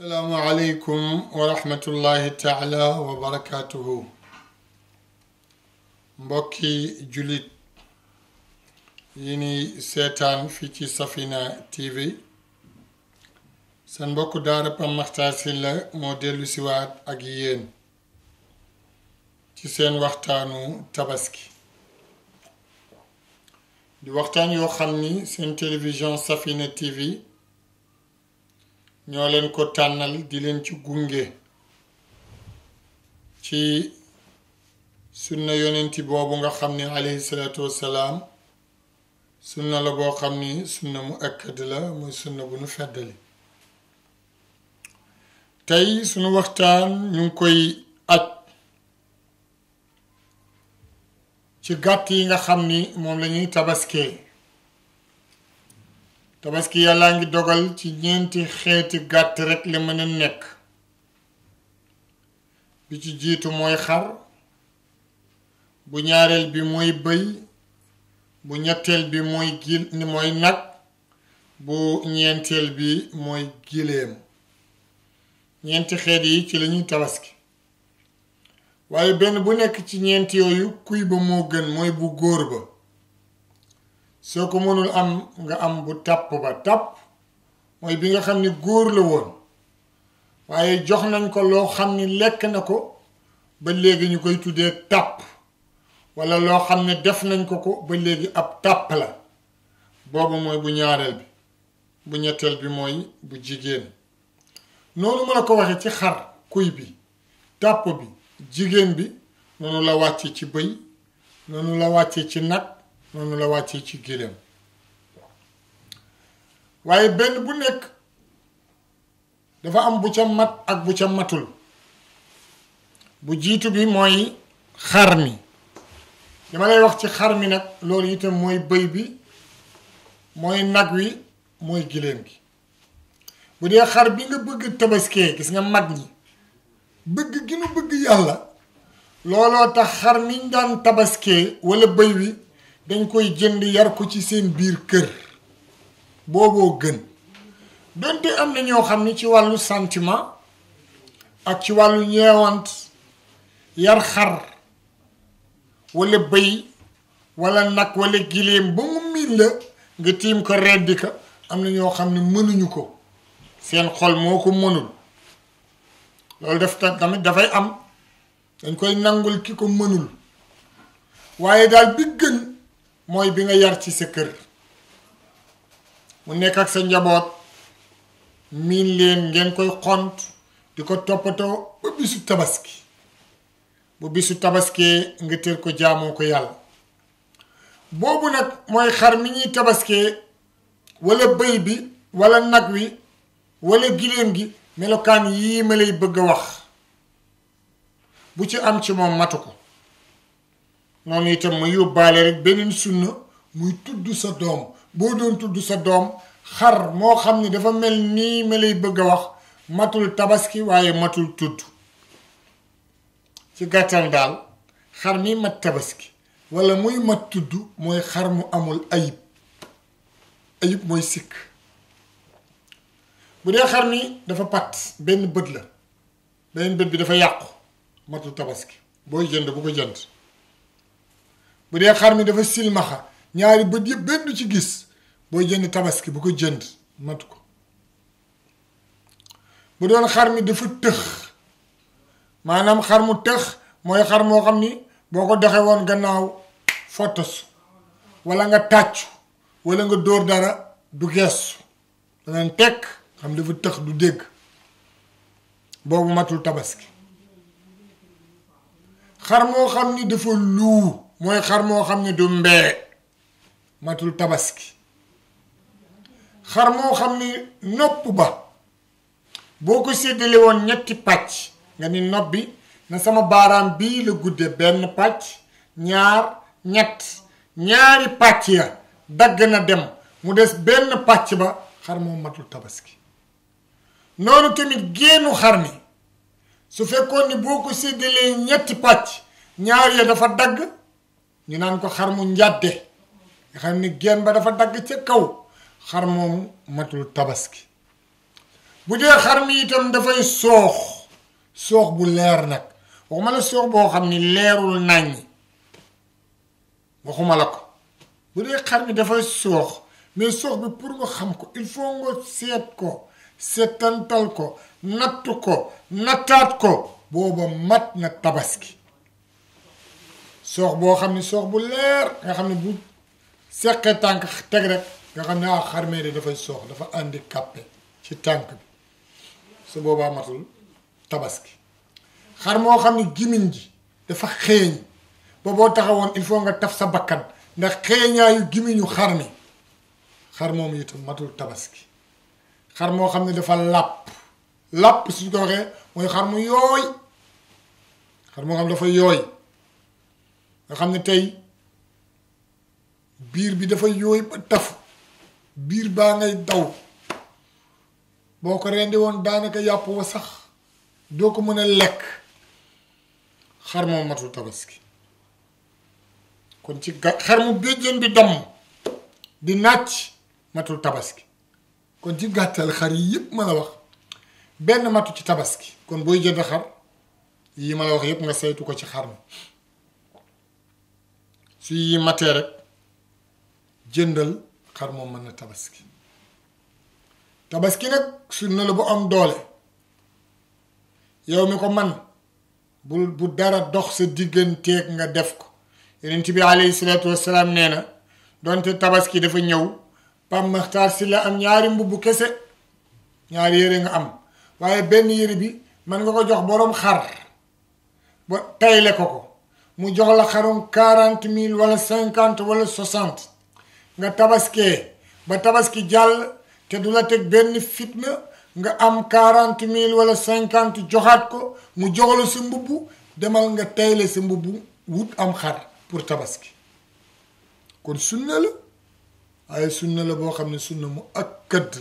السلام عليكم ورحمة الله تعالى وبركاته مبكي جليد يني سيتان في سفينة تي في سن بوكو دار بام مختاسي لا موديل سيوات اك يين سين وقتانو تباسكي دي وقتان يو خلني سين تلفزيون سفينة تي في ñoo leen ko tànnal di leen ci gunge ci sunna yonenti boobu nga xam ni alayhi salaatu wassalaam sunna la boo xam ni sunna mu akkad la muy sunna bu nu feddali tey sunu waxtaan ñu ngi koy aj ci gàtt yi nga xam ni moom lañuy tabaskee tabaski yàllaa ngi dogal ci ñeenti xeeti gàtt rekk la mën a nekk bi ci jiitu mooy xar bu ñaareel bi mooy bëy bu ñetteel bi mooy gil mooy nag bu ñeenteel bi mooy gileem ñeenti xeet yi ci lañuy tabaski waaye benn bu nekk ci ñeent yooyu kuy ba moo gën mooy bu góor ba soo ko mënul am nga am bu tàpp ba tàpp mooy bi nga xam ni góor la woon waaye jox nañ ko loo xam ni lekk na ko ba léegi ñu koy tuddee tàpp walla loo xam ne def nañ ko ko ba léegi ab tàpp la boobu mooy bu ñaareel bi bu ñetteel bi mooy bu jigéen noonu ma ci xar kuy bi tàpp jigéen bi noonu la wàcce ci bëy noonu la wàcce ci nag noonu la wàcce ci géléem waaye benn bu nekk dafa am bu ca mat ak bu ca matul bu jiitu bi mooy xar mi dama lay wax ci xar mi nag loolu itam mooy bëy bi mooy nag wi mooy giléem gi bu dee xar bi nga bëgg tabaskee gis nga mag ñi bëgg gi nu bëgg yàlla looloo tax xar mi ñu daan tabaskee walla bëy wi dañ koy jënd yar ko ci seen biir kër booboo gën donte am na ñoo xam ne ci wàllu sentiment ak ci wàllu ñeewant yar xar walla bëy walla nag walla giléem ba mu miin la nga tiim ko reddi ka am na ñoo xam ne mënuñu ko seen xol moo ko mënul loolu daf tamit dafay am dañ koy nangul ki ko mënul waaye daal bi gën mooy bi nga yar ci sa kër mu nekk ak sa njaboot miin leen ngeen koy xont di ko toppatoo ba bisu tabaski ba bisu tabaskee nga tër ko jaamoo ko yàlla boobu nag mooy xar mi ñuy tabaskee walla bëy bi wala nag wi wala giléem gi melokaan yii ma lay bëgg a wax bu ci am ci moom matu ko moom itam mu yóbbaale rek beneen sunna muy tudd sa doom boo doon tudd sa doom xar moo xam ne dafa mel nii mel lay bëgg a wax matul tabaski waaye matul tudd ci gàttal daal xar mi mat tabaski walla muy mat tudd mooy xar mu amul ayib ayib mooy sikk bu dee xar mi dafa pat benn bët la beneen bët bi dafa yàqu matul tabaski booy jënd bu ko jënd bu dee xar mi dafa silmaxa ñaari bët yëpp benn ci gis booy jënd tabaski bu ko jënd matu ko bu doon xar mi dafa tëx maanaam xar mu tëx mooy xar moo xam ni boo ko doxee woon gannaaw fotos wala nga tàccu wala nga dóor dara du geesu danañ tekk xam dafa tëx du dégg boobu matul tabaski xar moo xam ni dafa luu mooy xar moo xam ni du mbee matul tabaski xar moo xam ni nopp ba boo ko séddale woon ñetti pàcc nga ni nopp bi na sama baaraam bii la gudde benn pàcc ñaar ñett ñaari pàcc ya dagg na dem mu des benn pàcc ba xar moom matul tabaski noonu tamit génnu xar mi su fekkoon ni boo ko séddalee ñetti pàcc ñaar ya dafa dagg ñu naan ko xar mu njàdde nga xam ni gen ba dafa dagg ca kaw xar moomu matul tabaski bu dee xar mi itam dafay soox soox bu leer nag waxuma la soox boo xam ni leerul nàññi waxuma la ko bu dee xar mi dafay soox mais soox bi pour nga xam ko il faut nga seet ko seetantal ko natt ko nattaat ko booba mat na tabaski soox boo xam ne soox bu leer nga xam ne bu seqee tànk teg rek nga xam ne ah xarmee de dafay soox dafa handicapé ci tànk bi su boobaa matul tabaski xar moo xam ne gimiñ dafa xeeñ ba taxawoon il faut nga taf sa bakkan ndax xeeñaayu gimiñu xar mi xar moom itam matul tabaski xar moo xam ne dafa làpp làpp suñ ko waxee mooy xar mu yooy xar moo xam dafa yooy nga xam ne tey biir bi dafa yooy ba taf biir baa ngay daw boo ko rendi woon daanaka yàpp wa sax doo ko mën a lekk xar moo matul tabaski kon ci ga xar mu di nàcc matul tabaski kon ci gàttal xar yi wax benn matu ci tabaski kon booy jënd xar yi ma la wax yëpp nga saytu ko ci xar mi si yi matee rek jëndal xar moom mën na tabaski tabaski nag sunna la bu am doole yow mi ko man bu bu dara dox sa digganteeg nga def ko yonent bi alayhi salaatu wasalaam nee na donte tabaski dafa ñëw Pape Makhtar si la am ñaari mbubb kese ñaari yére nga am waaye benn yére bi mën nga ko jox boroom xar ba tayle ko ko mu jox la xarum 40000 wala 50 wala 60 nga tabaske ba tabaski jall te du la tek ben fitna nga am 40.000, wala 50 joxat ko mu joxalu su mbubu demal nga tayle su mbubu wut am xar pour tabaski kon sunna la ay sunna la bo xamne sunna mu ak këdd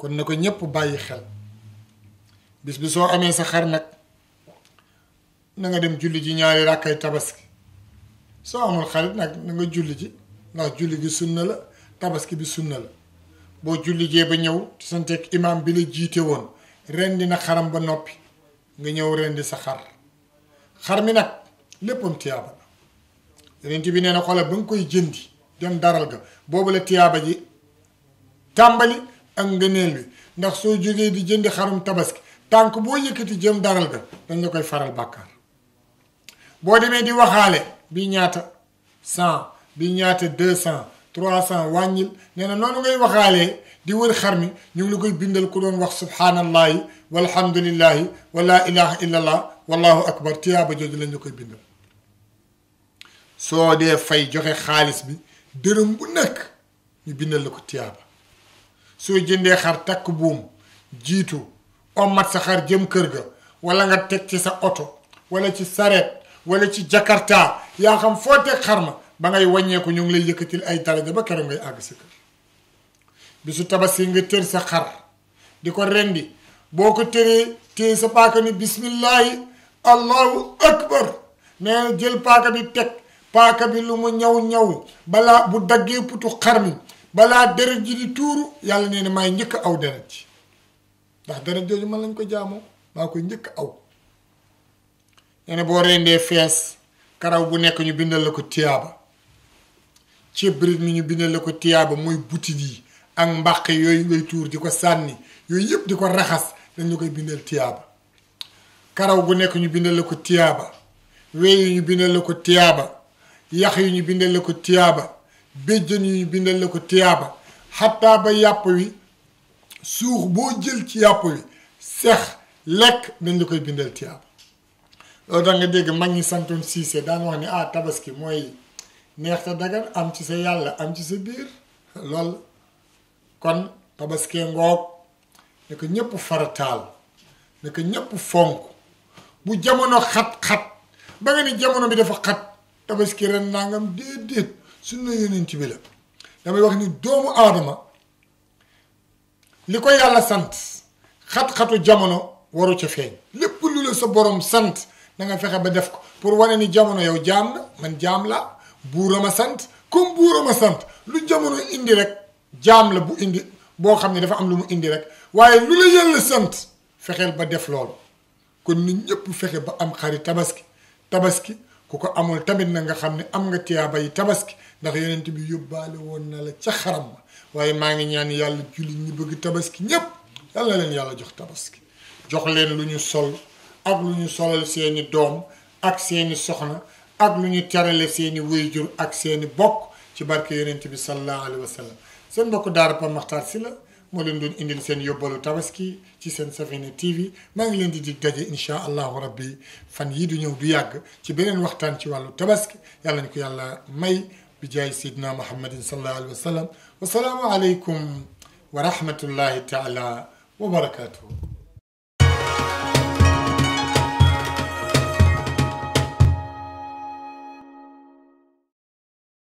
kon nako ñepp bayyi xel bis bi so amé sa xar nak nanga dem julli ji ñaari ràkkay tabaski soo amul xarit nag na julli ji ndax julli gi sunna la tabaski bi sunna la boo julli jee ba ñëw te santeeg imaam bi la jiite woon rendi na xaram ba noppi nga ñëw rendi sa xar xar mi nag léppam tiyaaba la yonent bi nee na xoolal ba nga koy jëndi dem daral ga boobu la tiyaaba ji tàmbali ak ngëneel bi ndax soo jógee di jëndi xarum tabaski tànk boo yëkkati jëm daral ga dañ la koy faral bàkkaar boo demee di waxaale bii ñaata cent bi ñaata deux cent trois cent wàññil nee na noonu ngay waxaalee di wër xar mi ñu ngi koy bindal ku doon wax subhaanallahi walhamdulillahi wa laa ilaha illa allah wallahu akbar tiyaaba jooju lañ la koy bindal soo dee fay joxe xaalis bi dërëm bu nekk ñu bindal la ko tiyaaba soo jëndee xar takk buum jiitu ommat sa xar jëm kër ga walla nga teg ci sa oto walla ci sareet wala ci Jakarta yaa xam foo teg ma ba ngay wàññeeku ñu ngi lay yëkkatil ay daraja ba keroog ngay àgg si kër bisu tabaski nga tër sa xar di ko rendi boo ko tëree téye sa paaka ni bismillahi allahu akbar nee jël paaka bi teg paaka bi lu mu ñaw ñaw balaa bu daggee putu xar mi balaa deret ji di tuuru yàlla nee na maay njëkk aw deret ndax deret jooju man lañ ko jaamoo maa koy njëkk aw nee na boo rendee fees karaw bu nekk ñu bindal la ko tiyaaba ceeb bërit mi ñu bindal la ko tiyaaba mooy butit yi ak mbàq yooyu ngay tuur di ko sànni yooyu yëpp di ko raxas dañu koy bindal tiyaaba karaw bu nekk ñu bindal la ko tiyaaba wey yu ñu bindal la ko tiyaaba yax yu ñu bindal la ko tiyaaba béjjën yu ñu bindal la ko tiyaaba xattaa ba yàpp wi suux boo jël ci yàpp wi sex lekk dañ la koy bindal tiyaaba loolu da nga dégg mag ñi santoon siise daan wax ni ah tabaski mooy neex te dagan am ci sa yàlla am ci sa biir lool kon tabaskee ngoog ne ko ñëpp farataal ne ko fonk bu jamono xat-xat ba nga ni jamono bi dafa xat tabaski ren nangam suñ sunna yonent bi la damay wax ni doomu aadama li ko yàlla sant xat-xatu jamono waru ca feeñ lépp lu la sa borom sant na nga fexe ba def ko pour wane ni jamono yow jaam na man jaam la buurama sant comme buurama sant lu jamono indi rek jaam la bu indi boo xam ne dafa am lu mu indi rek waaye lu la yàlla sant fexeel ba def loolu kon nit ñëpp fexe ba am xari tabaski tabaski ku ko amul tamit na nga xam ne am nga tiyaaba yi tabaski ndax yonent bi yóbbaale woon na la ca xaram ma waaye maa ngi ñaan yàlla julli ñi bëgg tabaski ñëpp yàlla leen yàlla jox tabaski jox leen lu ñu sol ak lu ñu solal seeni doom ak seeni soxna ak lu ñu terale seeni wayjur ak seeni bokk ci barke yonent bi sallallahu alayhi wa sallam seen mbokku daara Pape Makhtar Sylla moo leen doon indil seen yóbbalu tabaski ci seen Safina TV maa ngi leen di dig daje incha allahu rabbi fan yii du ñëw du yàgg ci beneen waxtaan ci wàllu tabaski yàlla ñu ko yàlla may bi jaay sidna muhammadin sallallahu alayhi wa sallam wasalaamu aleykum wa rahmatullahi taala wa barakatuhu